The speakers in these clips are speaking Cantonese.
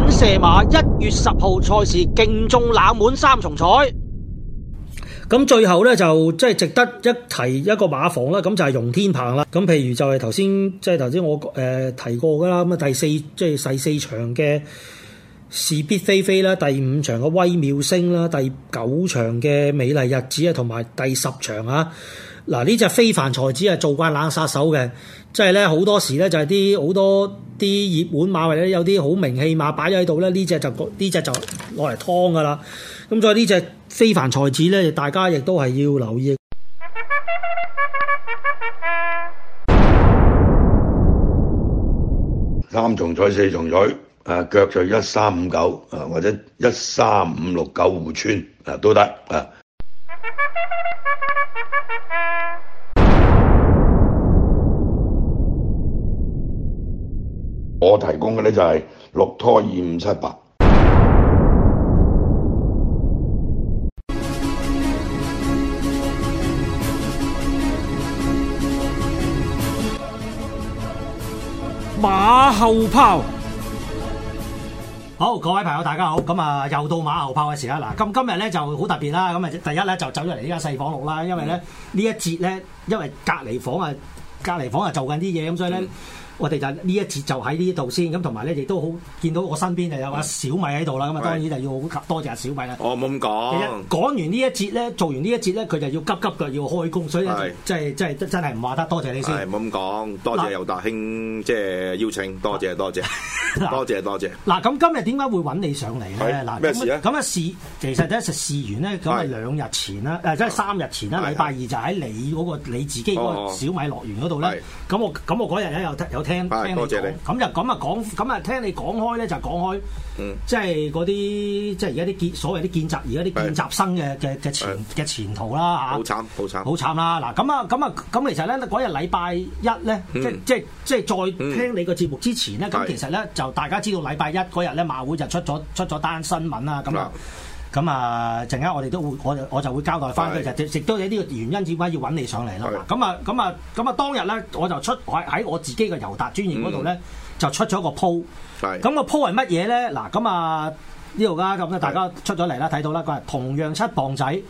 品射馬一月十號賽事競中冷門三重彩，咁最後咧就即係值得一提一個馬房啦，咁就係容天鵬啦。咁譬如就係頭先即係頭先我誒、呃、提過噶啦，咁啊第四即係細四場嘅是必非非啦，第五場嘅微妙星啦，第九場嘅美麗日子啊，同埋第十場啊，嗱呢隻非凡才子啊，做慣冷殺手嘅。即係咧，好多時咧就係啲好多啲熱門馬或者有啲好名氣馬擺咗喺度咧，呢隻就呢隻就攞嚟劏噶啦。咁所以呢隻非凡才子咧，大家亦都係要留意。三重彩、四重彩，啊腳就一三五九啊，或者一三五六九互串啊都得啊。我提供嘅咧就係六拖二五七八馬後炮好，各位朋友大家好，咁啊又到馬後炮嘅時間啦。咁今日咧就好特別啦，咁啊第一咧就走咗嚟呢間細房屋啦，因為咧呢一節咧，因為隔籬房，啊隔籬房啊做緊啲嘢，咁所以咧。我哋就呢一節就喺呢度先，咁同埋咧亦都好見到我身邊就有阿小米喺度啦，咁啊當然就要多謝阿小米啦。我冇咁講，講完呢一節咧，做完呢一節咧，佢就要急急嘅要開工，所以即係即係真係唔話得，多謝你先。係冇咁講，多謝尤達兄即係邀請，多謝多謝，多謝多謝。嗱咁今日點解會揾你上嚟咧？嗱咩事咁啊試，其實第一次試完咧，咁啊兩日前啦，即係三日前啦，禮拜二就喺你嗰個你自己嗰個小米樂園嗰度咧。咁我咁我嗰日咧有有。聽聽佢講，咁就咁啊講，咁啊聽你講開咧就講開，即係嗰啲即係而家啲見所謂啲見習，而家啲見習生嘅嘅嘅前嘅的前途啦嚇的、啊，好慘好慘好慘啦！嗱咁啊咁啊咁，其實咧嗰日禮拜一咧、嗯，即即即再聽你個節目之前咧，咁、嗯、其實咧就大家知道禮拜一嗰日咧馬會就出咗出咗單新聞啦咁咁啊，陣間我哋都會，我就我就會交代翻佢，就是直都係呢個原因點解要揾你上嚟啦。咁啊是，咁啊、嗯，咁、嗯、啊，當日咧，我就出喺喺我自己嘅郵達專營嗰度咧，就出咗個 po。咁個 po 係乜嘢咧？嗱、嗯，咁啊，呢度而咁咧，大家出咗嚟啦，睇到啦，佢係同樣七磅仔。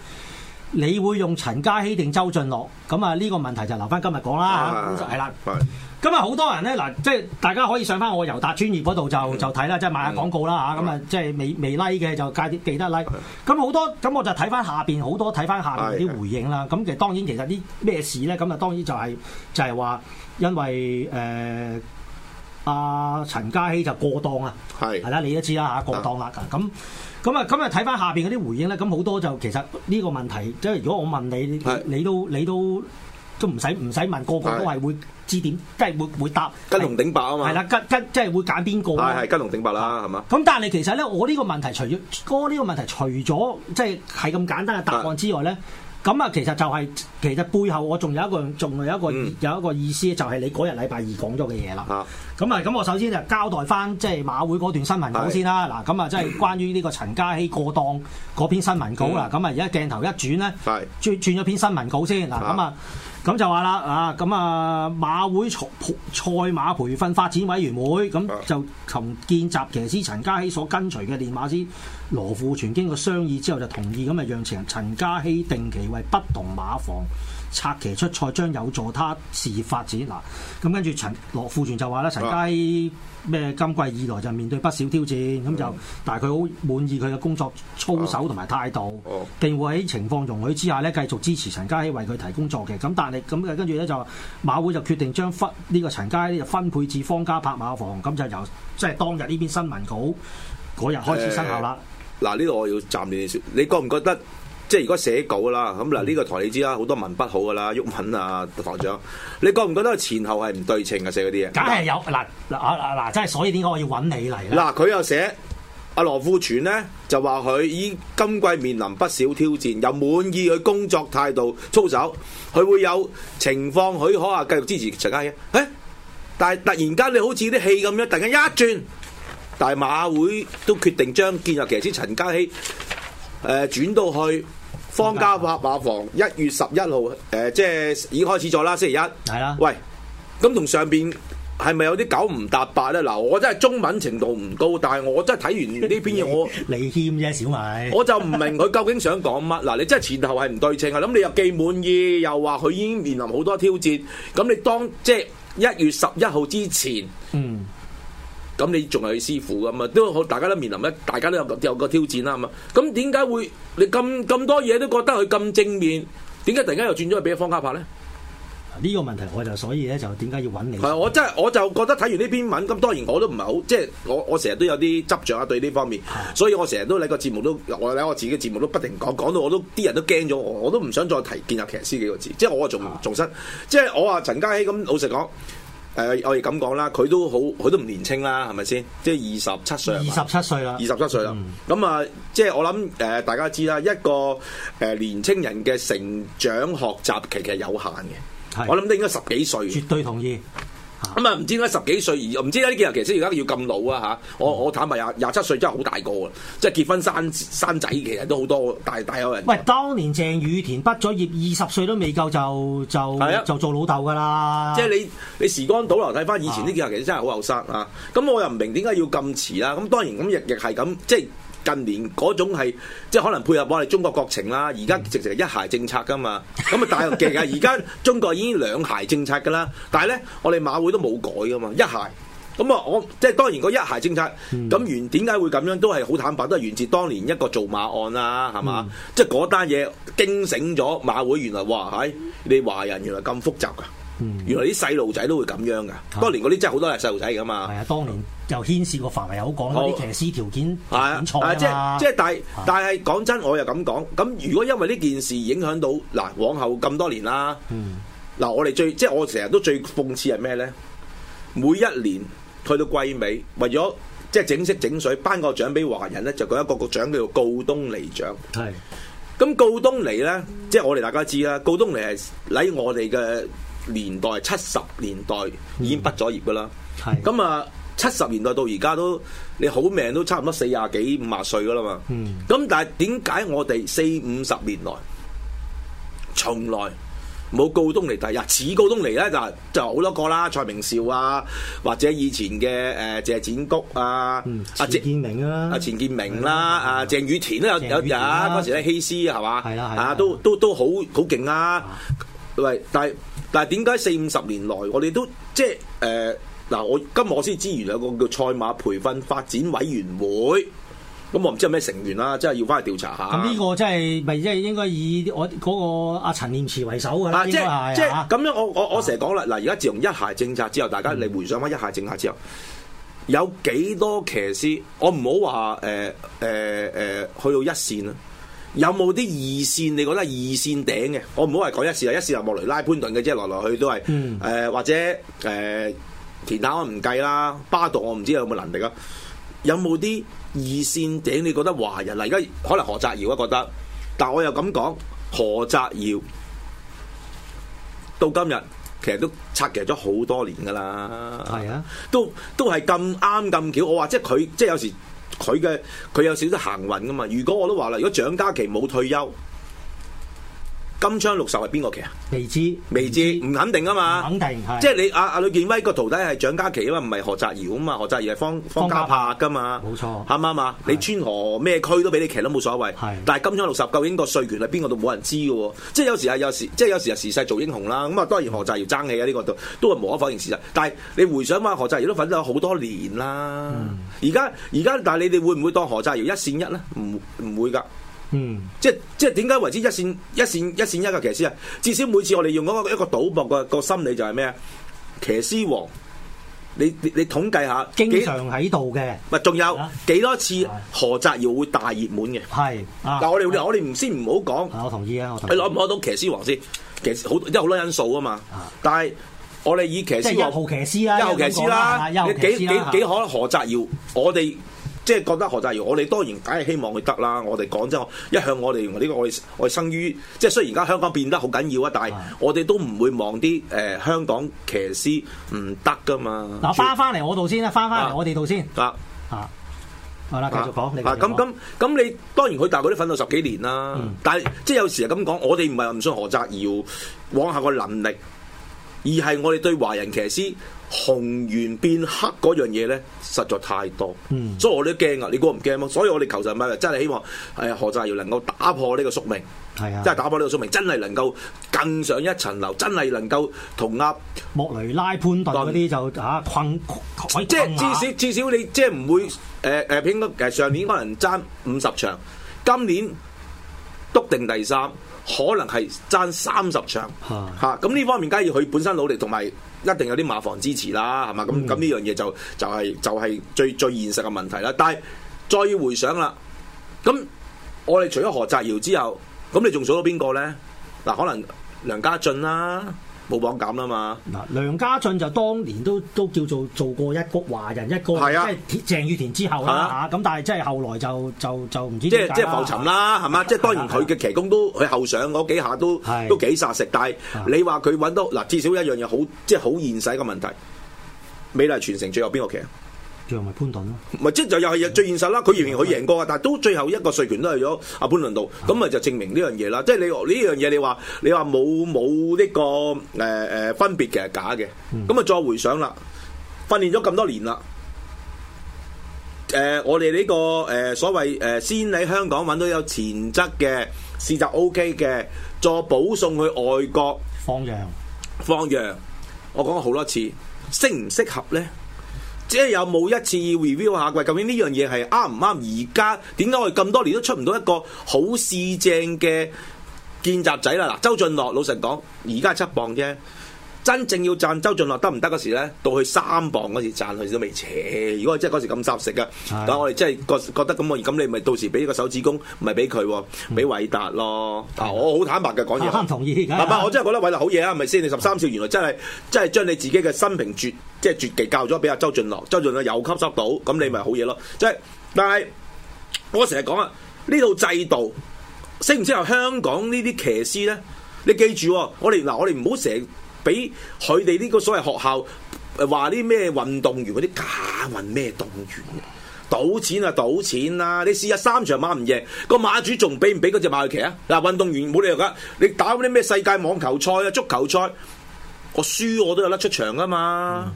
你會用陳嘉熙定周俊樂？咁啊呢個問題就留翻今日講啦嚇，係啦、啊。咁啊好多人咧嗱，即係大家可以上翻我尤達專業嗰度就就睇啦，即、就、係、是、買下廣告啦嚇。咁的啊即係未未 like 嘅就介點記得 like 的。咁好多咁我就睇翻下邊好多睇翻下邊啲回應啦。咁其實當然其實啲咩事咧，咁啊當然就係就係話因為誒。呃阿陳、呃、嘉熙就過檔啊，係係啦，你都知啦，吓，過檔啦，咁咁啊，咁啊睇翻下邊嗰啲回應咧，咁好多就其實呢個問題，即係如果我問你，是的 你，你都你都都唔使唔使問，個個都係會知點，即係會會答。跟紅頂白啊嘛，係啦的，跟跟即係會揀邊個，係係跟紅頂白啦，係嘛。咁但係其實咧，我呢個問題除，除咗哥呢個問題除，除咗即係係咁簡單嘅答案之外咧。咁啊，其實就係、是、其實背後我仲有一個，仲有一個、嗯、有一個意思，就係你嗰日禮拜二講咗嘅嘢啦。咁啊，咁我首先就交代翻，即係馬會嗰段新聞稿先啦。嗱是，咁啊，即係關於呢個陳家熙過檔嗰篇新聞稿啦。咁、嗯、啊，而家鏡頭一轉咧是，轉轉咗篇新聞稿先。嗱，咁啊。啊啊咁就話啦，啊，咁啊馬會賽馬培訓發展委員會咁、啊、就同見習騎師陳嘉熙所跟隨嘅練馬師羅富全經過商議之後，就同意咁啊讓請陳嘉熙定期為不同馬房，策騎出賽將有助他事業發展嗱，咁、啊、跟住陳羅富全就話啦，啊、陳嘉熙今季以來就面對不少挑戰，咁、嗯、就但係佢好滿意佢嘅工作操守同埋態度，啊哦、定會喺情況容許之下咧繼續支持陳嘉熙為佢提供助騎。咁但係咁嘅跟住咧就馬會就決定將分呢、這個陳嘉熙就分配至方嘉柏馬房，咁就由即係、就是、當日呢篇新聞稿嗰日開始生效、呃、啦。嗱，呢度我要暫時你覺唔覺得？即係如果寫稿啦，咁嗱呢個台你知啦，好多文筆好噶啦，毓民啊，台長，你覺唔覺得佢前後係唔對稱啊？寫嗰啲嘢，梗係有嗱嗱嗱！即係所以點解我要揾你嚟咧？嗱，佢又寫阿羅富全呢，就話佢以今季面臨不少挑戰，又滿意佢工作態度操守，佢會有情況許可啊，繼續支持陳嘉熙。誒、欸，但係突然間你好似啲戲咁樣，突然間一轉，大馬會都決定將見習騎師陳嘉熙。誒、呃、轉到去方家柏馬房，一月十一號誒，即係已經開始咗啦，星期一。係啦的。喂，咁同上邊係咪有啲九唔搭八呢？嗱、嗯，我真係中文程度唔高，但係我真係睇完呢篇嘢， 我你謙啫，小米。我就唔明佢究竟想講乜？嗱， 你真係前後係唔對稱啊！咁你又既滿意又話佢已經面臨好多挑戰，咁你當即係一月十一號之前。嗯。咁你仲係師傅㗎嘛？都好，大家都面臨一，大家都有個有個挑戰啦，咁啊，咁點解會你咁咁多嘢都覺得佢咁正面，點解突然間又轉咗去俾方嘉柏咧？呢個問題我就所以咧，就點解要揾你？係啊，我真係我就覺得睇完呢篇文，咁當然我都唔係好，即係我我成日都有啲執著啊，對呢方面，的所以我成日都喺你個節目都，我我自己嘅節目都不停講講到我都啲人都驚咗我，我都唔想再提見習騎師幾個字，即係我仲仲失，的即係我話陳嘉熙咁老實講。誒、呃，我哋咁講啦，佢都好，佢都唔年青啦，係咪先？即係二十七歲。二十七歲啦。二十七歲啦。咁、就、啊、是，即係我諗誒，大家知啦，一個誒、呃、年青人嘅成長學習期其實有限嘅。係的，我諗都應該十幾歲。絕對同意。咁啊，唔知點解十幾歲而唔知呢幾日其實而家要咁老啊嚇！我我坦白，廿廿七歲真係好大個啊，即係結婚生生仔其實都好多大大有人。喂，當年鄭雨田畢咗業二十歲都未夠就就係啊，就呀，就做老豆㗎啦！即係你你時光倒流睇翻以前呢幾日其實真係好後生啊！咁我又唔明點解要咁遲啦？咁當然咁亦亦係咁即係。近年嗰種係即係可能配合我哋中國國情啦，而家直情係一孩政策噶嘛，咁啊大陸嘅啊，而家中國已經兩孩政策噶啦，但係咧我哋馬會都冇改噶嘛，一孩。咁啊，我即係當然個一孩政策咁原點解會咁樣都係好坦白，都係源自當年一個造馬案啊，係嘛？即係嗰單嘢驚醒咗馬會，原來哇係、哎、你華人原來咁複雜噶。原來啲細路仔都會咁樣噶，當年嗰啲真係好多係細路仔噶嘛。係啊，當年又牽涉個範圍又好廣啦，啲騎師條件點啊嘛。即係但係講真，我又咁講，咁如果因為呢件事影響到嗱，往後咁多年啦。嗱，我哋最即係我成日都最諷刺係咩咧？每一年去到季尾，為咗即係整色整水，頒個獎俾華人咧，就講一個個獎叫做告東尼獎。係。咁告東尼咧，即係我哋大家知啦，告東尼係，喺我哋嘅。年代七十年代已經畢咗業噶啦，係咁啊！七十年代到而家都你好命都差唔多四廿幾五廿歲噶啦嘛，咁但係點解我哋四五十年來從來冇告東尼？第日，似告東尼咧就就好多個啦，蔡明紹啊、，或者以前嘅誒謝展谷啊、，阿錢建明啦，阿錢建明啦，阿鄭雨田都有有日嗰時咧欺師係嘛，係啦，啊都都都好好勁啊！喂，但係。但係點解四五十年來我、呃，我哋都即係誒嗱？今我今日我先知，原來有個叫賽馬培訓發展委員會。咁我唔知有咩成員啦，即係要翻去調查下。咁呢個真係咪即係應該以我嗰、嗰個阿陳念慈為首嘅？啊，即係即係是咁、啊、樣我，我我我成日講啦。嗱，而家自從一孩政策之後，大家你回想翻一孩政策之後，嗯、有幾多騎師？我唔好話誒誒誒去到一線啦。有冇啲二線？你覺得二線頂嘅？我唔好係講一線啦，一線就莫雷拉潘頓嘅啫，來來去，去都係誒、嗯呃，或者誒，其、呃、他我唔計啦。巴度我唔知有冇能力啦。有冇啲二線頂？你覺得華人啊？而家可能何澤堯啊？覺得，但係我又咁講，何澤堯到今日其實都策騎咗好多年噶啦。係是啊，啊，都都係咁啱咁巧。我話即係佢，即係有時。佢嘅佢有少少行運噶嘛？如果我都話啦，如果蔣家琪冇退休。金槍六十係邊個騎啊？未知，未知，唔知肯定啊嘛。肯定即係你阿阿呂建威個徒弟係蔣家琪，啊嘛，唔係何澤堯啊嘛，何澤堯係方方嘉柏噶嘛，冇錯，啱唔啱啊？是你川河咩區都俾你騎都冇所謂。是但係金槍六十究竟個帥權係邊個都冇人知嘅喎。即係有時係有時，即係有時係時勢做英雄啦。咁啊，當然何澤堯爭氣啊，呢個度都係無可否認事實。但係你回想翻，何澤堯都粉咗好多年啦。而家而家，但係你哋會唔會，會當何澤堯一線一咧？唔唔會㗎。嗯，即係即係點解為之一線一線一線一嘅騎師啊？至少每次我哋用個一個賭博嘅個心理就係咩啊？騎師王，你你你統計下，經常喺度嘅，唔係仲有幾多次何澤堯會大熱門嘅？係，但係我哋我哋唔先唔好講，我同意啊，我同意。你攞唔攞到騎師王先？其實好，因為好多因素啊嘛。但係我哋以騎師王一號騎師啦，一號騎師啦，幾幾幾可何澤堯？我哋。即係覺得何澤堯，我哋當然梗係希望佢得啦。我哋講真，我一向我哋呢個我哋生於，即係雖然而家香港變得好緊要啊，但係我哋都唔會望啲誒香港騎師唔得㗎嘛。嗱，返返嚟我度先啦，返返嚟我哋度先。得啊，係啦，繼續講。咁咁咁，你、啊、你當然佢大概都奮鬥十幾年啦。嗯、但係即係有時係咁講，我哋唔係唔信何澤堯往下個能力。而係我哋對華人騎師紅圓變黑嗰樣嘢咧，實在太多，嗯、所以我都驚啊！你估唔驚啊？所以我哋求神咪就真係希望，係、哎、何澤堯能夠打破呢個宿命，係啊，即係打破呢個宿命，真係能夠更上一層樓，真係能夠同阿、啊、莫雷拉潘、啊、潘頓嗰啲就嚇困即係至少至少你即係唔會誒誒好、呃，上年可能爭五十場，今年篤定第三。可能係爭三十場嚇，咁呢、啊、方面梗係要佢本身努力，同埋一定有啲馬房支持啦，係嘛？咁咁呢樣嘢就係、就係、係、就係、係、最最現實嘅問題啦。但係再回想啦，咁我哋除咗何澤堯之後，咁你仲數到邊個呢？嗱、啊，可能梁家俊啦。冇磅減啦嘛，嗱、梁家俊就當年都都叫做做過一谷華人一哥，是啊、即係鄭雨田之後啦吓，咁、啊啊、但係即係後來就就就唔知、啊是啊、即係即係浮沉啦，係嘛，是啊、即係當然佢嘅騎功都佢後上嗰幾下都是、啊、都幾殺食，但係你話佢揾到嗱至少一樣嘢好即係好現實嘅問題，美麗傳承最後邊個騎啊？就咪潘頓咯、啊，咪即就又係最現實啦。佢以前佢贏過嘅，但係都最後一個稅權都係咗阿潘頓度，咁咪就證明呢樣嘢啦。即係你呢樣嘢，你話你話冇冇呢個誒誒、呃、分別嘅係假嘅。咁啊再回想啦，訓練咗咁多年啦。誒、呃，我哋呢、這個誒、呃、所謂誒，先喺香港揾到有潛質嘅事就 OK 嘅，再保送去外國放羊贏放羊。我講咗好多次，適唔適合咧？即係有冇一次 review 下季？究竟呢樣嘢係啱唔啱？而家點解我哋咁多年都出唔到一個好市正嘅見習仔啦？嗱，周俊樂老實講，而家係七磅啫。真正要讚周俊樂得唔得嗰時咧，到去三磅嗰時讚佢都未遲。如果真的我真係嗰時咁濕食嘅，但我哋真係覺覺得咁我咁你咪到時俾呢個手指公，咪俾佢俾偉達咯。的啊，我好坦白嘅講嘢，我唔同意。唔好，我真係覺得偉達好嘢啊，唔係先你十三少原來真係真係將你自己嘅生平絕即係絕技教咗俾阿周俊樂，周俊樂又吸收到，咁你咪好嘢咯。即、就、係、是、但係我成日講啊，呢套制度適唔適合香港呢啲騎師咧？你記住、哦，我哋嗱，我哋唔好成。俾佢哋呢個所謂學校誒話啲咩運動員嗰啲假運咩動員賭、啊、錢啊賭錢啦、啊！你試下三場馬唔贏，個馬主仲俾唔俾嗰隻馬去騎啊？嗱，運動員冇理由噶，你打嗰啲咩世界網球賽啊、足球賽，我輸我都有得出場噶嘛。嗯、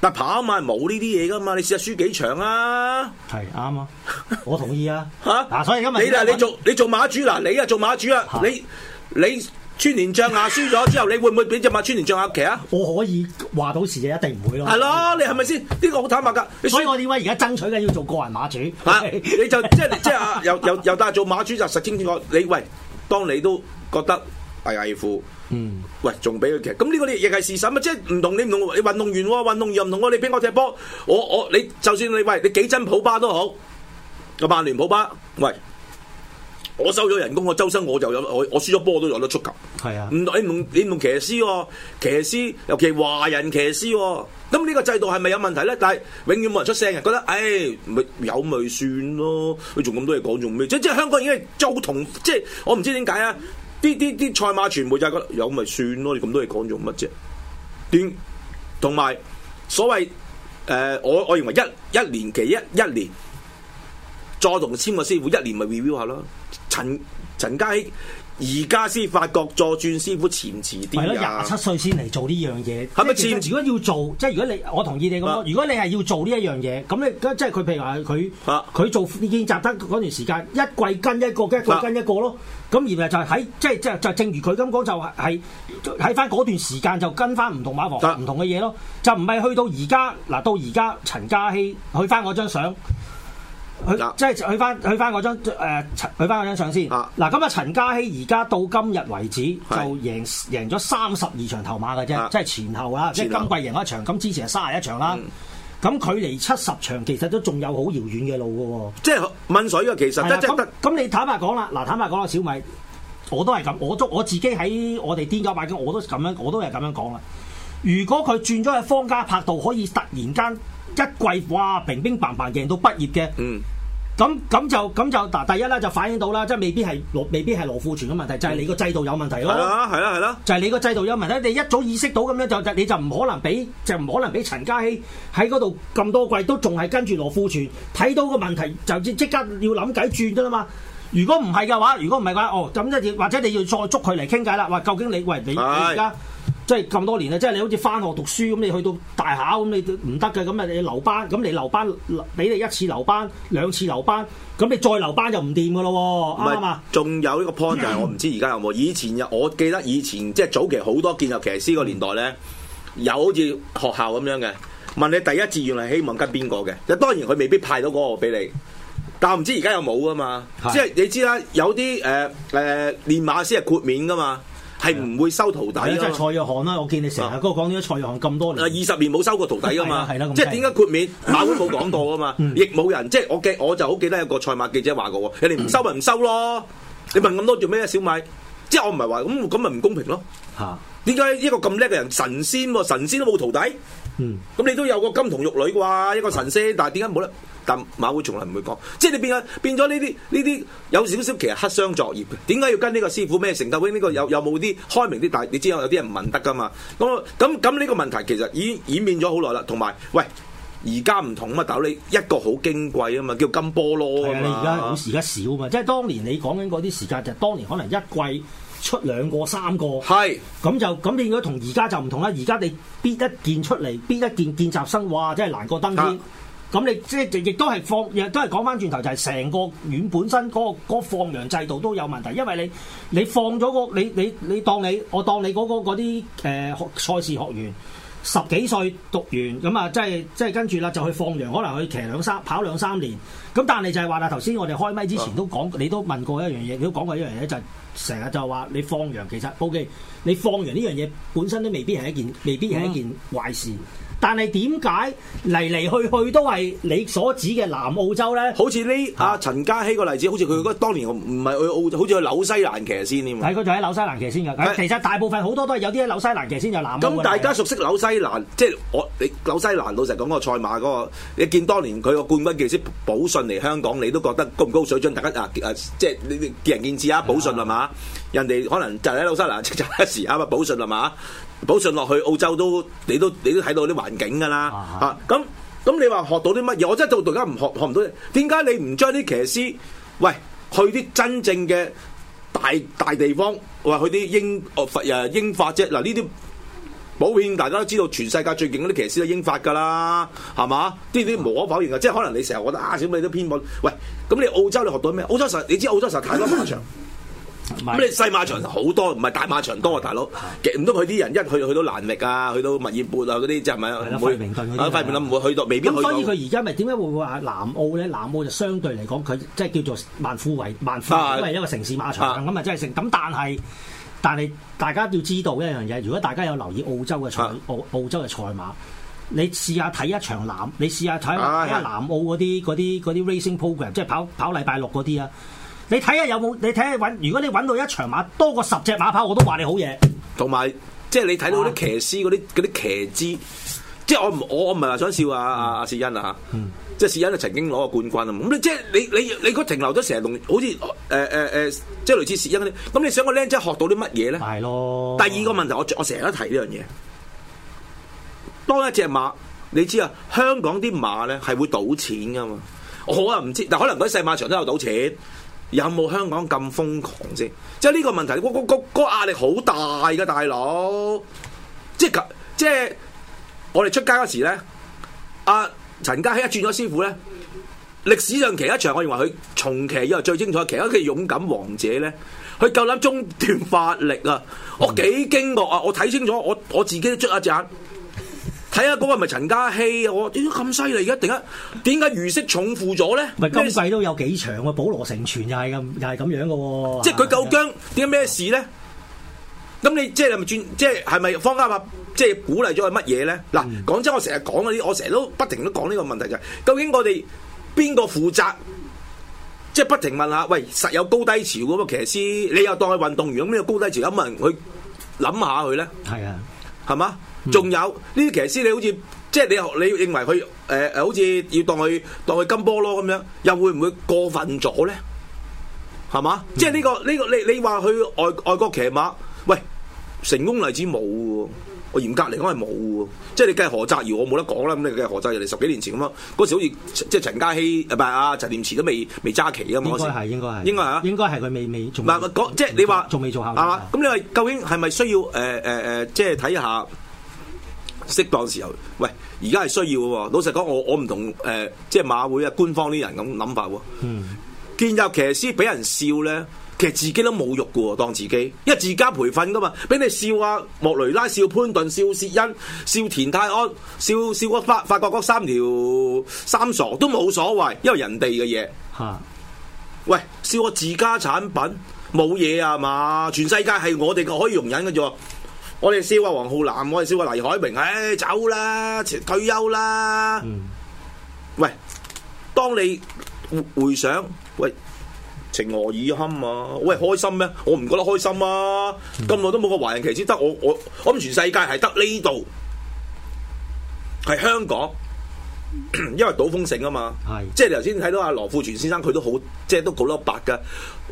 但跑馬冇呢啲嘢噶嘛，你試下輸幾場啊？係啱啊，我同意啊。吓嗱、 啊，所以今日你啦，你做你做馬主嗱，你啊做馬主啦，你、啊、啦是的 你。你你你的穿連象牙輸咗之後，你會唔會俾隻馬穿連象牙騎啊？我可以話到時就一定唔會咯。係咯，你係咪先？呢、這個好坦白噶。所以我點解而家爭取嘅要做個人馬主吓、啊？你就 即係即係啊！又又又但係做馬主就實清我你喂，當你都覺得係危富，嗯，喂，仲俾佢騎？咁呢個亦亦係事實啊！即係唔同你唔同你運動員，運動員唔同我，我。你俾我踢波，我我你就算你喂你幾真普巴都好，個曼聯普巴喂。我收咗人工，我周身我就有，我輸我輸咗波都有得出噶。係啊，唔你唔你唔騎師，騎師尤其華人騎師，哦，咁呢個制度係咪有問題咧？但係永遠冇人出聲嘅，覺得誒、哎，有咪算咯？你仲咁多嘢講做咩？即係香港已經做同，即係我唔知點解啊！啲啲啲賽馬傳媒就係覺得有咪算咯？你咁多嘢講做乜啫？同同埋所謂誒、呃，我我認為一一年期一一年再同簽個師傅一年咪 review 下咯。陳陳嘉熙而家先發覺助轉師傅遲遲啲、啊，咯，廿七歲先嚟做呢樣嘢。係咪遲？如果要做，即係如果你我同意你咁講，啊、如果你係要做呢一樣嘢，咁你即係佢譬如話佢佢做已經集得嗰段時間，一季跟一個，跟一季跟一個咯。咁原來就係喺即係即係即係正如佢咁講，就係喺翻嗰段時間就跟翻唔同馬房唔、啊、同嘅嘢咯。就唔係去到而家嗱，到而家陳嘉熙去翻我張相。佢即係去翻佢翻嗰張誒，佢翻張相先。嗱，咁啊，陳嘉熙而家到今日為止就贏贏咗三十二場頭馬嘅啫，啊、即係前後啊，後即係今季贏一場，咁之前係卅一場啦。咁、嗯、距離七十場其實都仲有好遙遠嘅路噶、啊。即係溫水啊，其實、啊、即咁是。你坦白講啦，嗱，坦白講啦，小米，我都係咁，我捉我自己喺我哋癲咗八九，我都咁樣，我都係咁樣講啦。如果佢轉咗去方嘉柏度，可以突然間。一季哇，乒乒乓乓贏到畢業嘅，咁咁、嗯、就咁就嗱，第一啦就反映到啦，即係未必係羅，未必係羅富全嘅問題，嗯、就係你個制度有問題咯。係啦，係啦，係啦，就係你個制度有問題。你一早意識到咁樣就，你就唔可能俾就唔可能俾陳嘉熙喺嗰度咁多季都仲係跟住羅富全睇到個問題，就即即刻要諗計轉啫嘛。如果唔係嘅話，如果唔係嘅話，哦，咁即或者你要再捉佢嚟傾偈啦。話究竟你喂你你而家？即係咁多年啦，即係你好似翻學讀書咁，你去到大考咁你唔得嘅，咁啊你留班，咁你留班俾你一次留班、兩次留班，咁你再留班就唔掂噶咯，啱嘛？仲有呢個 point 就係我唔知而家有冇，以前又我記得以前即係早期好多見習騎師個年代咧，嗯、有好似學校咁樣嘅，問你第一志願係希望跟邊個嘅？即係當然佢未必派到嗰個俾你，但係唔知而家有冇啊、呃呃、嘛？即係你知啦，有啲誒誒練馬師係豁免噶嘛。係唔會收徒弟即、啊、係、啊就是、蔡約翰啦。我見你成日嗰個講啲蔡約翰咁多年，二十年冇收過徒弟噶、啊、嘛，係啦、啊。啊、即係點解豁免馬會冇講過噶嘛，亦冇人。即係我記，我就好記得有個賽馬記者話過喎，人哋唔收咪唔收咯。你問咁多做咩啊？小米，即係我唔係話咁咁咪唔公平咯。嚇？點解一個咁叻嘅人神仙喎、啊？神仙都冇徒弟？嗯，咁你都有個金童玉女啩，一個神師，但係點解冇嘞？但馬會從來唔會講，即係你變咗變咗呢啲呢啲有少少其實黑箱作業嘅，點解要跟呢個師傅咩成鬥？呢個有有冇啲開明啲？但你知有有啲人唔問得噶嘛？咁咁咁呢個問題其實已經演變咗好耐啦。同埋，喂，而家唔同啊嘛，但係你一個好矜貴啊嘛，叫金菠蘿啊嘛。係啊，而家好時間少啊嘛，即係當年你講緊嗰啲時間就係當年可能一季。出兩個三個，係咁是就咁。如果同而家就唔同啦，而家你必一件出嚟，必一件見習生，哇！真係難過登天。咁、啊、你即係亦都係放，亦都係講翻轉頭，就係、是、成個院本身嗰、那個那個放洋制度都有問題，因為你你放咗、那個你你你當你我當你嗰、那個嗰啲誒賽事學員。十幾歲讀完咁，啊，即係即係跟住啦，就去放羊，可能去騎兩三跑兩三年。咁但係就係話啦，頭先我哋開咪之前都講，你都問過一樣嘢，你都講過一樣嘢，就成日就話你放羊，其實 OK，你放羊呢樣嘢本身都未必係一件，未必係一件壞事。但係點解嚟嚟去去都係你所指嘅南澳洲咧？好似呢，阿陳嘉熙個例子，好似佢嗰當年唔唔係去澳，好似去紐西蘭騎先添嘛。佢就喺紐西蘭騎先㗎。其實大部分好多都係有啲喺紐西蘭騎先就南。咁大家熟悉紐西蘭，即係我你紐西蘭老實講嗰個賽馬嗰個，你見當年佢個冠軍騎師保順嚟香港，你都覺得高唔高水準？大家啊啊，即係你見仁見智啊。保順係嘛？人哋可能就喺紐西蘭叱吒一時啊嘛。保順係嘛？保信落去澳洲都，你都你都睇到啲環境噶啦，嚇咁咁你話學到啲乜嘢？我真係到而家唔學學唔到，點解你唔將啲騎師喂去啲真正嘅大大地方，喂去啲英哦佛誒英法啫？嗱呢啲保險大家都知道，全世界最勁嗰啲騎師都英法噶啦，係嘛？呢啲無可否認嘅。啊、即係可能你成日覺得啊，小米都偏頗，喂咁你澳洲你學到咩？澳洲實你知澳洲實太多場。 咁你細馬場好多，唔係大馬場多啊，大佬。極唔通佢啲人一去去到蘭域啊，去到物業盤啊嗰啲，即係咪？唔會啊，唔會去到。未必。咁所以佢而家咪點解會話南澳咧？南澳就相對嚟講，佢即係叫做萬富圍，萬富因為一個城市馬場咁啊，真係成。咁但係，但係大家要知道一樣嘢，如果大家有留意澳洲嘅賽澳澳洲嘅賽馬，你試下睇一場南，你試下睇睇南澳嗰啲嗰啲嗰啲 racing program，即係跑跑禮拜六嗰啲啊。你睇下有冇？你睇下搵。如果你搵到一場馬多過十隻馬跑，我都話你好嘢。同埋即係你睇到啲騎師嗰啲嗰啲騎姿，即係我唔我我唔係話想笑啊、嗯、啊！薛恩啊吓，嗯、即係薛恩就曾經攞過冠軍啊。咁你即係你你你個停留咗成日好似誒誒誒，即係類似薛恩嗰啲。咁你想個僆仔學到啲乜嘢咧？係咯。第二個問題，我我成日都提呢樣嘢。當一隻馬，你知啊？香港啲馬咧係會賭錢噶嘛？我啊唔知，但可能嗰啲細馬場都有賭錢。有冇香港咁瘋狂先？即係呢個問題，個個個個壓力好大嘅大佬，即係即係我哋出街嗰時咧，阿、啊、陳嘉熙一轉咗師傅咧，歷史上騎一場，我認為佢重騎以後最精彩，騎一隻勇敢王者咧，佢夠膽中段發力啊！我幾驚愕啊！我睇清楚，我我自己都出一隻睇下嗰個咪陳嘉熙、欸、啊！我點解咁犀利？而家點解點解如釋重負咗咧？咪今季都有幾長啊？保羅成全又係咁，又係咁樣嘅喎。即係佢究竟，點解咩事咧？咁你即係咪轉？即係係咪方嘉柏即係鼓勵咗佢乜嘢咧？嗱，講真，我成日講嗰啲，我成日都不停都講呢個問題就係、是：究竟我哋邊個負責？即、就、係、是、不停問下，喂，實有高低潮嘅嘛？騎師，你又當係運動員咁咩高低潮？有冇人去諗下佢咧？係啊嗎，係嘛？仲有呢啲騎師，你好似即係你你認為佢誒誒，好似要當佢當佢金波咯咁樣，又會唔會過分咗咧？係嘛？嗯、即係、這、呢個呢個你你話去外外國騎馬，喂，成功例子冇，我嚴格嚟講係冇。即係你計何澤堯，我冇得講啦。咁你計何澤堯嚟十幾年前咁咯，嗰時好似即係陳嘉熙，唔係阿陳念慈都未未揸旗嘅嘛？嗰時應該係應該係應該嚇，應該係佢未未仲未即係你話仲未做下啊？咁、啊、你話究竟係咪需要誒誒誒，即係睇下？呃呃就是適當時候，喂，而家係需要嘅喎。老實講，我我唔同誒、呃，即係馬會啊，官方啲人咁諗法喎。嗯，見有騎師俾人笑咧，其實自己都侮辱嘅喎，當自己，因為自家培訓嘅嘛，俾你笑阿、啊、莫雷拉笑潘頓笑薛恩笑田泰安笑笑個法法國嗰三條三傻都冇所謂，因為人哋嘅嘢嚇。哈喂，笑我自家產品冇嘢啊嘛，全世界係我哋嘅可以容忍嘅啫。我哋笑阿黃浩南，我哋笑阿黎海明，唉、哎，走啦，退休啦。嗯、喂，當你回想，喂，情何以堪啊？喂，開心咩？我唔覺得開心啊！咁耐、嗯、都冇個華人騎師先得，我我我諗全世界係得呢度，係香港， 因為賭風盛啊嘛。係是，即係你頭先睇到阿羅富全先生，佢都好，即係都講得白嘅，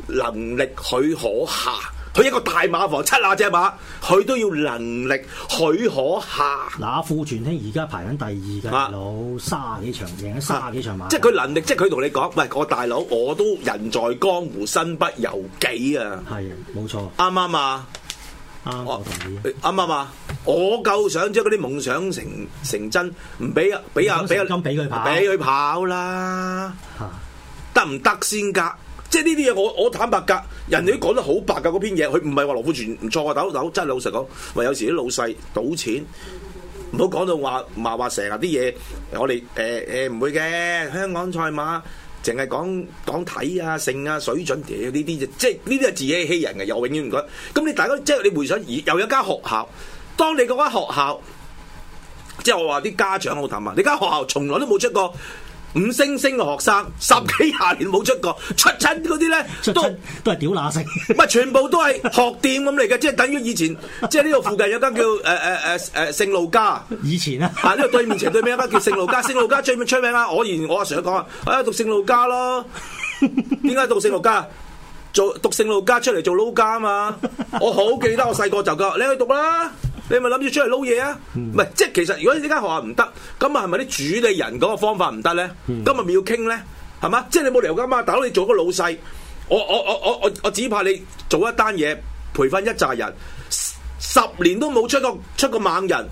能力許可下。佢一個大馬房七啊隻馬，佢都要能力許可下。那富、啊、全興而家排緊第二嘅大佬，卅幾場贏咗卅幾場馬、啊，即係佢能力，即係佢同你講，喂，我大佬我都人在江湖身不由己啊，係冇錯，啱啱啊？啱、啊，我，我同意，啱啱啊？我夠想將嗰啲夢想成成真，唔俾啊，俾啊，俾啊噉俾佢跑，俾佢跑啦，得唔得先噶？行即係呢啲嘢，我我坦白㗎，人哋都講得好白㗎，嗰篇嘢，佢唔係話羅富全唔錯個豆豆，真係老實講。話有時啲老細賭錢，唔好講到話麻話成日啲嘢。我哋誒誒唔會嘅香港賽馬，淨係講講睇啊性啊水準，屌呢啲就即係呢啲係自己欺人嘅，又永遠唔覺得。咁你大家即係你回想，而又有間學校，當你嗰間學校，即係我話啲家長好坦白，你間學校從來都冇出過。五星星嘅學生，嗯、十幾廿年冇出過，出親嗰啲咧都都係屌乸識，唔 全部都係學店咁嚟嘅，即、就、係、是、等於以前，即係呢度附近有間叫誒誒誒誒聖路家，以前啊，啊，啊呢個對面斜對面有間叫聖路家，聖路家最咪出名啦，我而我阿 Sir 講啊，讀聖路家咯，點解讀聖路家？ 做讀聖路家出嚟做撈家啊嘛，我好記得我細個就教你去讀啦。你咪諗住出嚟撈嘢啊！唔係、嗯，即係其實如果呢間學校唔得，咁啊係咪啲主理人嗰個方法唔得咧？咁咪、嗯、要傾咧，係嘛？即係你冇理由噶嘛！大佬你做個老細，我我我我我我只怕你做一單嘢，培訓一紮人，十年都冇出個出個猛人，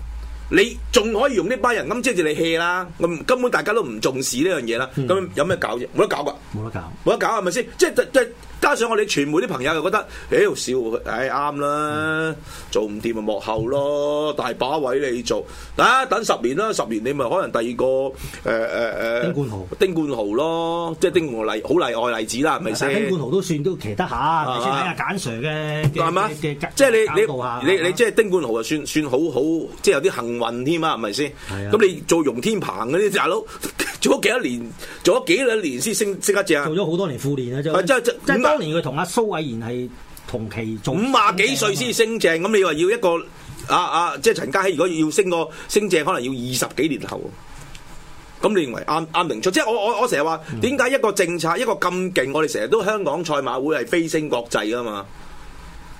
你仲可以用呢班人咁即係住你 h e 啦！咁根本大家都唔重視呢樣嘢啦。咁、嗯、有咩搞啫？冇得搞噶，冇得，得搞，冇得搞係咪先？即係即係。加上我哋傳媒啲朋友又覺得，妖笑，唉啱啦，做唔掂咪幕後咯，大把位你做，嗱等十年啦，十年你咪可能第二個誒誒誒，丁冠豪，丁冠豪咯，即係丁好例好例外例子啦，係咪先？丁冠豪都算都騎得下，先睇下簡 Sir 嘅，係嘛？即係你你你你即係丁冠豪啊，算算好好，即係有啲幸運添啊，係咪先？咁你做容天鵬嗰啲大佬，做咗幾多年，做咗幾多年先升升一正？做咗好多年副練啊，就係真係當年佢同阿蘇偉賢係同期做，五啊幾歲先升正，咁是你話要一個啊啊，即係陳嘉熙如果要升個升正，可能要二十幾年後、啊。咁你認為啱啱唔出？啊啊啊啊、即係我我我成日話，點解一個政策一個咁勁，我哋成日都香港賽馬會係飛升國際㗎嘛？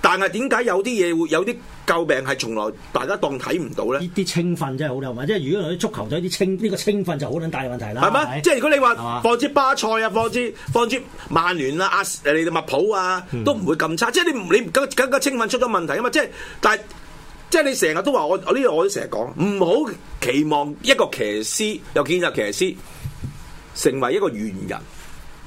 但係點解有啲嘢會有啲舊病係從來大家當睇唔到咧？呢啲青訓真係好啦，即係如果喺足球仔啲青呢個青訓就好捻大問題啦。係咪吧？吧即係如果你話放支巴塞啊，放支放支曼聯啊，阿利物浦啊，都唔會咁差。即係你你跟跟個青訓出咗問題啊嘛。即係但係即係你成日都話我我呢度我都成日講，唔好期望一個騎師又見就騎師成為一個猿人。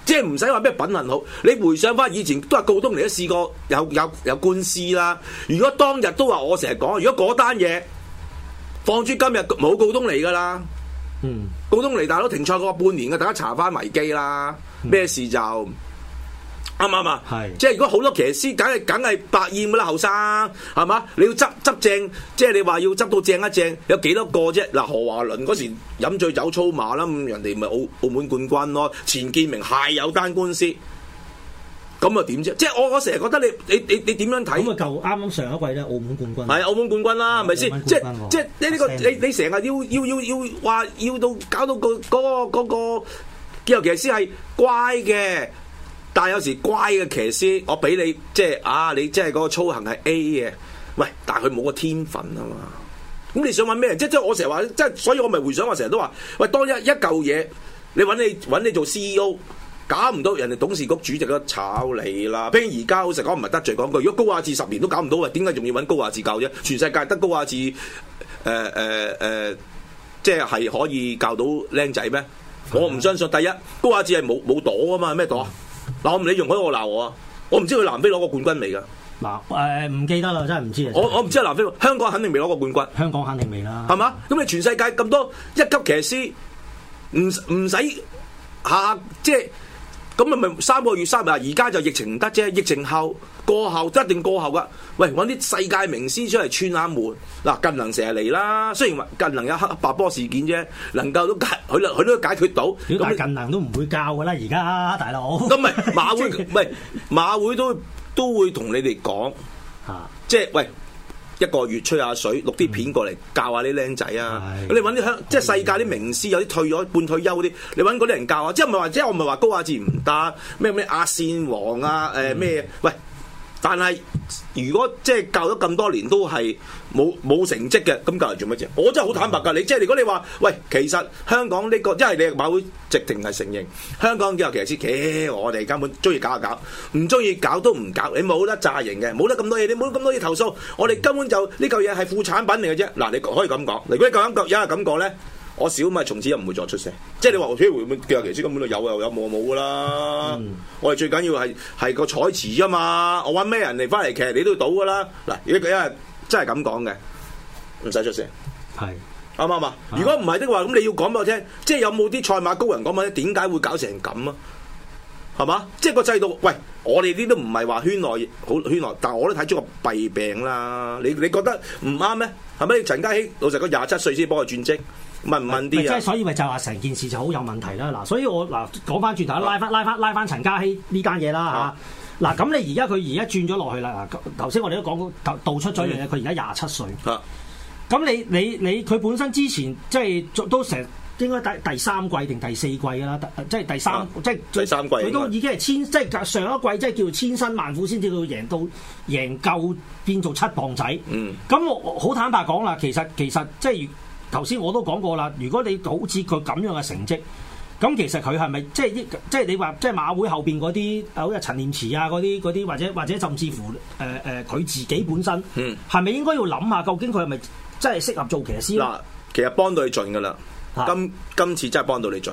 即係唔使話咩品行好，你回想翻以前都係告東尼都試過有有有官司啦。如果當日都話我成日講，如果嗰單嘢放住今日冇告東尼㗎啦。嗯，告東尼大佬停賽過半年㗎，大家查翻維基啦，咩事就。嗯嗯啱唔啱啊？係即係如果好多騎師，梗係梗係百厭噶啦，後生係嘛？你要執執正，即係你話要執到正一正，有幾多個啫？嗱，何華倫嗰時飲醉酒操馬啦，咁人哋咪澳澳門冠軍咯。錢建明係有單官司，咁啊點啫？即係我我成日覺得你你你你點樣睇？咁啊，就啱啱上一季咧，澳門冠軍係澳門冠軍啦，係咪先？即係即係呢個你你成日要要要要話要到搞到個嗰個嗰個自由騎師係乖嘅。但係有時乖嘅騎師，我俾你即係啊，你即係嗰個操行係 A 嘅，喂！但係佢冇個天分啊嘛。咁你想揾咩？即係即係我成日話，即係所以我咪回想話，成日都話，喂！當日一一嚿嘢，你揾你你做 CEO，搞唔到人哋董事局主席都炒你啦。譬如而家好實講唔係得罪講句，如果高亞智十年都搞唔到，點解仲要揾高亞智教啫？全世界得高亞智，誒誒誒，即係係可以教到僆仔咩？我唔相信。第一，高亞智係冇冇朵啊嘛？咩朵我唔理容許我鬧我啊！我唔知佢南非攞過冠軍未噶？嗱，呃，誒唔記得啦，真係唔知我我唔知係南非，香港肯定未攞過冠軍，香港肯定未啦，係嘛？咁你全世界咁多一級騎師，唔唔使下即係。咁咪咪三個月三日，而家就疫情唔得啫。疫情後過後，一定過後噶。喂，搵啲世界名師出嚟串下門。嗱，近能成日嚟啦。雖然話近能有黑白波事件啫，能夠都解，佢佢都解決到。咁近能都唔會教噶啦，而家大佬。咁咪馬會？唔係 馬會都都會同你哋講吓， 即係喂。一個月吹下水錄啲片過嚟教，教下啲僆仔啊！ 你揾啲香即係世界啲名師，有啲退咗半退休啲，你揾嗰啲人教啊！即係唔係話即係我唔係話高雅志唔得咩咩阿線王啊誒咩、呃？ 喂！但係如果即係教咗咁多年都係冇冇成績嘅，咁教嚟做乜啫？我真係好坦白㗎，你即係如果你話，喂，其實香港呢、呢個，因為你馬會直情係承認香港嘅話，其實先，嘩、欸，我哋根本中意搞一搞，唔中意搞都唔搞，你冇得詐型嘅，冇得咁多嘢，你冇咁多嘢投訴，我哋根本就呢嚿嘢係副產品嚟嘅啫。嗱，你可以咁講，如果你夠膽講，有人咁講咧。我小米從此又唔會再出聲，即係你話我屌，叫有其諸根本度有又有冇冇噶啦。我哋最緊要係係個彩池啊嘛，我揾咩人嚟翻嚟，其實你都要賭噶啦。嗱，如果佢真係咁講嘅，唔使出聲，係啱唔啱啊？如果唔係的話，咁你要講俾我聽，即係有冇啲賽馬高人講話咧？點解會搞成咁啊？係嘛？即係個制度，喂，我哋啲都唔係話圈內好圈內，但係我都睇咗個弊病啦。你你覺得唔啱咩？係咪陳嘉熙老實講，廿七歲先幫佢轉職？問唔問啲啊？即係所以咪就話成件事就好有問題啦。嗱，所以我嗱講翻轉頭，拉翻拉翻拉翻陳嘉熙呢單嘢啦吓。嗱，咁你而家佢而家轉咗落去啦。嗱，頭先我哋都講到，道出咗樣嘢，佢而家廿七歲。啊！咁、啊、你、啊、你你佢本身之前即係都成應該第第三季定第四季噶啦，即係第三即係三季。佢都已經係千即係上一季，即係叫千辛萬苦先至到贏到贏夠變做七磅仔。咁、嗯、我好坦白講啦，其實其實即係。即頭先我都講過啦，如果你好似佢咁樣嘅成績，咁其實佢係咪即係即係你話即係馬會後邊嗰啲，好似陳念慈啊嗰啲啲，或者或者甚至乎誒誒佢自己本身，係咪、嗯、應該要諗下，究竟佢係咪真係適合做騎師？嗱，其實幫到你盡噶啦，今今次真係幫到你盡，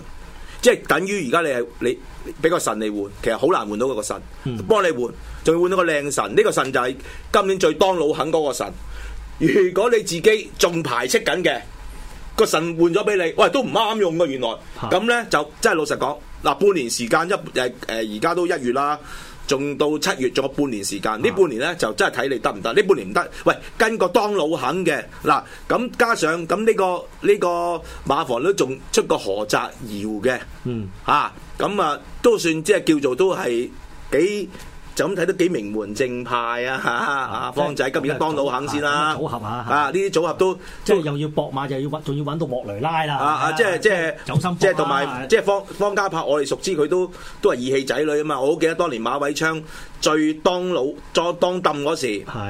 即係等於而家你係你俾個腎嚟換，其實好難換到一個腎，幫你換，仲換到個靚腎。呢個腎就係今年最當老肯嗰個腎。如果你自己仲排斥緊嘅。個腎換咗俾你，喂都唔啱用噶原來，咁咧、啊、就真係老實講，嗱半年時間一誒誒而家都一月啦，仲到七月仲有半年時間，呢半年咧就真係睇你得唔得，呢半年唔得，喂跟個當老肯嘅，嗱咁加上咁呢、這個呢、這個馬房都仲出過何澤堯嘅，嗯，啊咁啊都算即係叫做都係幾。就咁睇得幾名門正派啊！嚇，方仔今年都當到肯先啦，組合啊！啊，呢啲組合都即係又要博馬，又要揾，仲要揾到莫雷拉啦！啊啊！即係即係，即係同埋即係方方嘉柏，我哋熟知佢都都係義氣仔女啊嘛！我好記得當年馬偉昌最當老再當冧嗰時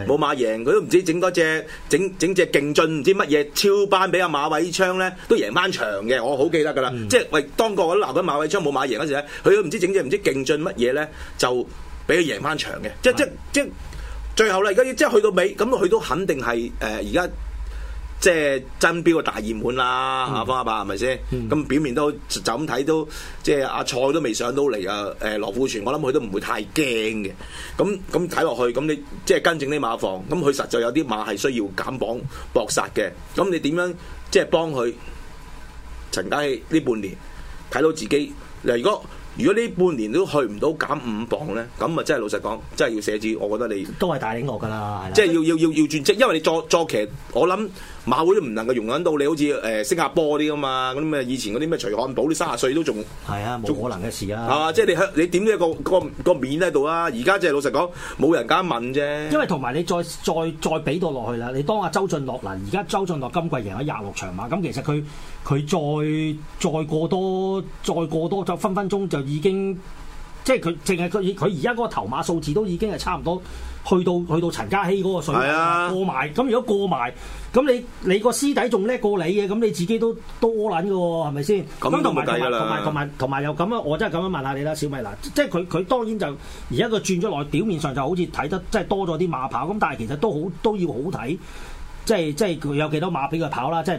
冇馬贏，佢都唔知整多隻整整隻勁進唔知乜嘢超班俾阿馬偉昌咧，都贏翻場嘅。我好記得噶啦，即係喂當過我都鬧緊馬偉昌冇馬贏嗰時咧，佢都唔知整隻唔知勁進乜嘢咧就。俾佢贏翻場嘅的，即即即最後啦！而家即去到尾，咁佢都肯定係誒而家即真標嘅大熱門啦，阿方阿伯係咪先？咁、嗯、表面都就咁睇都即阿蔡都未上到嚟啊！誒、呃、羅富全，我諗佢都唔會太驚嘅。咁咁睇落去，咁你即跟正啲馬房，咁佢實在有啲馬係需要減磅搏殺嘅。咁你點樣即幫佢陳嘉熙呢半年睇到自己？嗱，如果如果呢半年都去唔到減五磅咧，咁啊真係老實講，真係要寫字。我覺得你都係大音樂㗎喇，即係要是的 要要要轉職，因為你坐坐騎，我諗。馬會都唔能夠容忍到你好，好似誒升下波啲噶嘛，咁誒以前嗰啲咩徐漢堡啲卅歲都仲係啊，冇可能嘅事啊！係嘛，啊，即係你香你點呢個個個面喺度啊！而家即係老實講，冇人敢問啫。因為同埋你再再再俾到落去啦，你當阿周俊樂嗱，而家周俊樂今季贏咗廿六場嘛。咁其實佢佢再再過多再過多就分分鐘就已經即係佢淨係佢佢而家嗰個頭馬數字都已經係差唔多。去到去到陳嘉熙嗰個水平、 啊、過埋，咁如果過埋，咁你你個師弟仲叻過你嘅，咁你自己都多撚嘅喎，係咪先？咁同埋同埋同埋同埋又咁樣，我真係咁樣問下你啦，小米嗱，即係佢佢當然就而家佢轉咗來，表面上就好似睇得即係多咗啲馬跑，咁但係其實都好都要好睇，即係即係佢有幾多馬俾佢跑啦，即係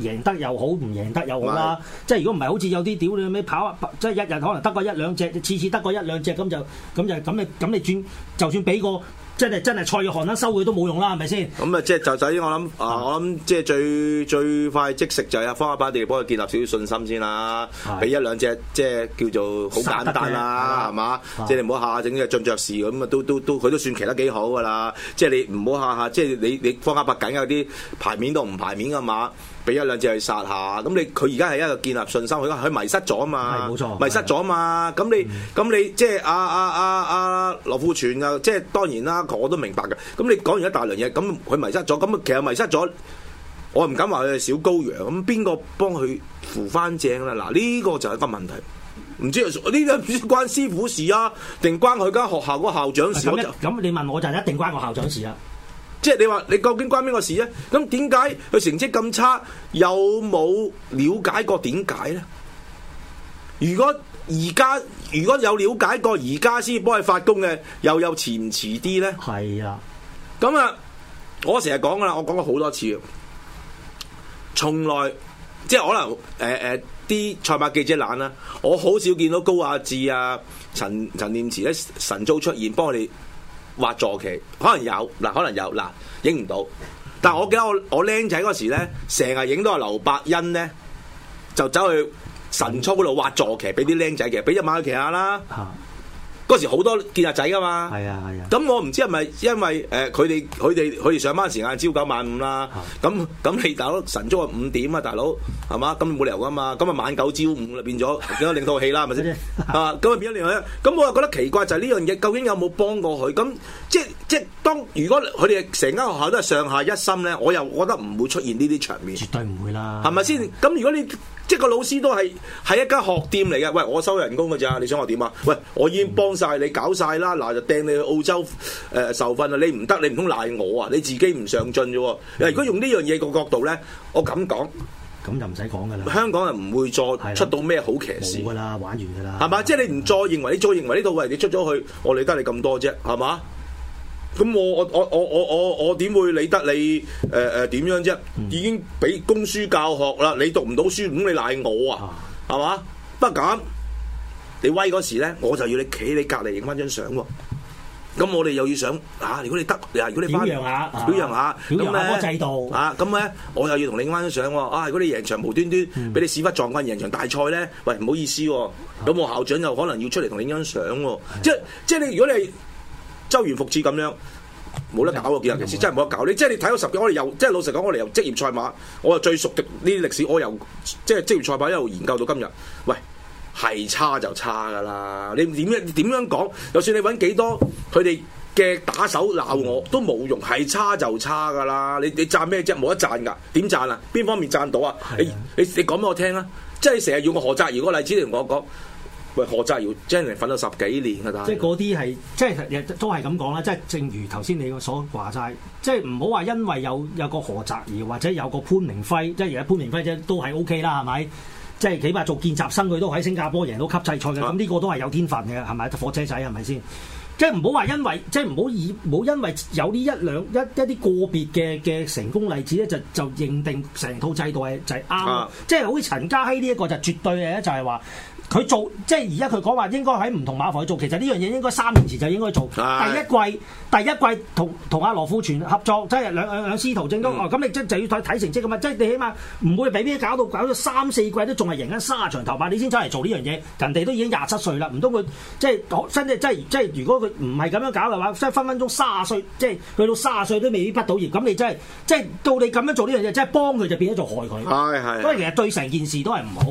贏得又好，唔贏得又好啦。即係如果唔係好似有啲屌你咩跑啊，即係一日可能得個一兩隻，次次得個一兩隻咁就咁就咁你咁你轉就算俾個。真係真係蔡約翰啦，收佢都冇用啦，係咪先？咁啊、嗯，即係就首先我諗啊，我諗即係最吧最快即食就係方亞柏哋，幫佢建立少少信心先啦，俾是的 一兩隻即係、就是、叫做好簡單啦，係嘛？即係你唔好下下整啲着爵士咁啊，都都都佢都算騎得幾好噶啦。即、就、係、是、你唔好下下即係你你，你方阿伯家有緊有啲排面都唔排面嘅嘛。俾一兩隻去殺下，咁你佢而家係一個建立信心，佢佢迷失咗啊嘛，冇錯，迷失咗啊嘛，咁你咁你即係阿阿阿阿羅富全啊，即係當然啦，我都明白嘅。咁你講完一大輪嘢，咁佢迷失咗，咁其實迷失咗，我唔敢話佢係小羔羊，咁邊個幫佢扶翻正啦？嗱，呢個就係一個問題，唔知呢個關師傅事啊，定關佢間學校嗰校長事咧？咁你問我就一定關個校長事啊！即係你話你究竟關邊個事咧？咁點解佢成績咁差？有冇了解過點解咧？如果而家如果有了解過，而家先幫佢發工嘅，又有遲唔遲啲咧？係啊，咁啊，我成日講啦，我講過好多次，從來即係可能誒誒，啲賽馬記者懶啦，我好少見到高亞智啊、陳陳念慈咧神招出現，幫我哋。畫坐騎，可能有嗱，可能有嗱，影唔到。但係我記得我我僆仔嗰時咧，成日影到係劉伯欣咧，就走去神操嗰度畫坐騎，俾啲僆仔嘅，俾隻馬去騎下啦。嗰時好多見習仔噶嘛，咁、啊啊、我唔知係咪因為誒佢哋佢哋佢哋上班時間朝九晚五啦，咁咁、啊、你大佬晨早係五點啊，大佬係嘛，咁冇理由噶嘛，咁啊晚九朝五啦，變咗 變咗另套戲啦，係咪先啊？咁啊變咗另一，咁我啊覺得奇怪就係呢樣嘢究竟有冇幫過佢咁即係。即當如果佢哋成間學校都係上下一心咧，我又覺得唔會出現呢啲場面，絕對唔會啦，係咪先？咁是的 如果你即係個老師都係喺一間學店嚟嘅，喂，我收人工㗎咋？你想我點啊？喂，我已經幫晒你搞晒啦，嗱就掟你去澳洲誒受訓啦。你唔得，你唔通賴我啊？你自己唔上進啫。嗯、如果用呢樣嘢個角度咧，我咁講，咁就唔使講噶啦。香港人唔會再出到咩好騎士嘅啦，玩完噶啦，係嘛吧？的即係你唔再認為，你再認為呢套嘢你出咗去，我理得你咁多啫，係嘛？咁我我我我我我我點會理得你誒誒點樣啫？已經俾公書教學啦，你讀唔到書，咁你賴我啊？係嘛？不過咁，你威嗰時咧，我就要你企你隔籬影翻張相喎。咁我哋又要想吓，如果你得，如果你表揚下，表揚下，表揚下制度啊，咁咧，我又要同你影翻張相喎。啊，如果你贏場無端端俾你屎忽撞棍贏場大賽咧，喂，唔好意思，咁我校長有可能要出嚟同你影張相喎。即即係你如果你。周元而復始咁樣，冇得搞喎！其實，真係冇得搞。 你即係你睇到十幾，我哋又即係老實講，我哋又職業賽馬，我又最熟讀呢啲歷史，我由即係職業賽馬一路研究到今日。喂，係差就差噶啦！你點樣點樣講？就算你揾幾多，佢哋嘅打手鬧我都冇用。係差就差噶啦！你你讚咩啫？冇得讚噶，點讚啊？邊方面讚到啊？你的你你講俾我聽啊！即係成日要我何澤堯個例子你同我講。喂，何澤堯真係瞓咗十幾年噶，即係嗰啲係即係都係咁講啦。即係正如頭先你所話齋，即係唔好話因為有有個何澤堯或者有個潘明輝，即係而家潘明輝即都係 O K 啦，係咪？即係起碼做見習生佢都喺新加坡贏到級際賽嘅。咁呢個都係有天分嘅，係咪？火車仔係咪先？即係唔好話因為，即係唔好以唔好因為有呢一兩一一啲個別嘅嘅成功例子咧，就就認定成套制度係就係啱。即係好似陳嘉熙呢一個就絕對嘅，就係話。佢做即係而家佢講話應該喺唔同馬房去做，其實呢樣嘢應該三年前就應該做。哎、第一季第一季同同阿羅富全合作，即係兩兩兩師徒正當。咁、嗯哦、你即係就要睇睇成績㗎嘛？即係你起碼唔會俾啲搞到搞到三四季都仲係贏緊卅場頭排，你先走嚟做呢樣嘢。人哋都已經廿七歲啦，唔通佢即係真真真真？如果佢唔係咁樣搞嘅話，即係分分鐘卅歲，即係去到卅歲都未必畢到業。咁你真係即係到你咁樣做呢樣嘢，真係幫佢就變咗做害佢。係係、嗯，因為其實對成件事都係唔好。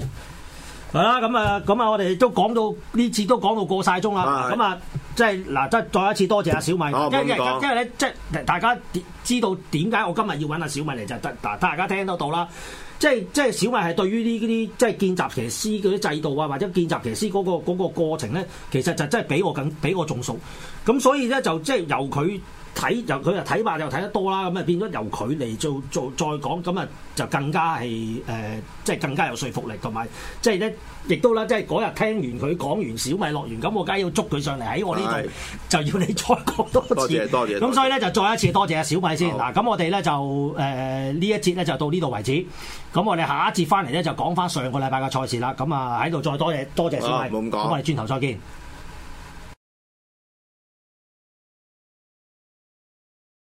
係啦，咁、 嗯嗯、啊，咁、嗯、啊，我哋都講到呢次都講到過晒鐘啦。咁、嗯、啊，即係嗱，即、嗯、係再一次多謝阿小米，哦、因為因為因為咧，即係大家知道點解我今日要揾阿小米嚟就得嗱，大家聽得到啦。即係即係小米係對於呢啲即係見習騎師嗰啲制度啊，或者見習騎師嗰、嗰個嗰、嗰個、過程咧，其實就真係比我更比我仲熟。咁所以咧就即係、就是、由佢。睇由佢就睇嘛就睇得多啦，咁啊變咗由佢嚟做做，做再講，咁啊就更加係誒、呃，即係更加有說服力同埋，即係咧亦都啦，即係嗰日聽完佢講完小米落完，咁我梗係要捉佢上嚟喺我呢度，就要你再講多次。多謝多謝。咁所以咧就再一次多謝啊小米先嗱，咁好 我哋咧就誒呢、呃、一節咧就到呢度為止，咁我哋下一節翻嚟咧就講翻上個禮拜嘅賽事啦，咁啊喺度再多謝多謝小米。冇咁講、哦。咁我哋轉頭再見。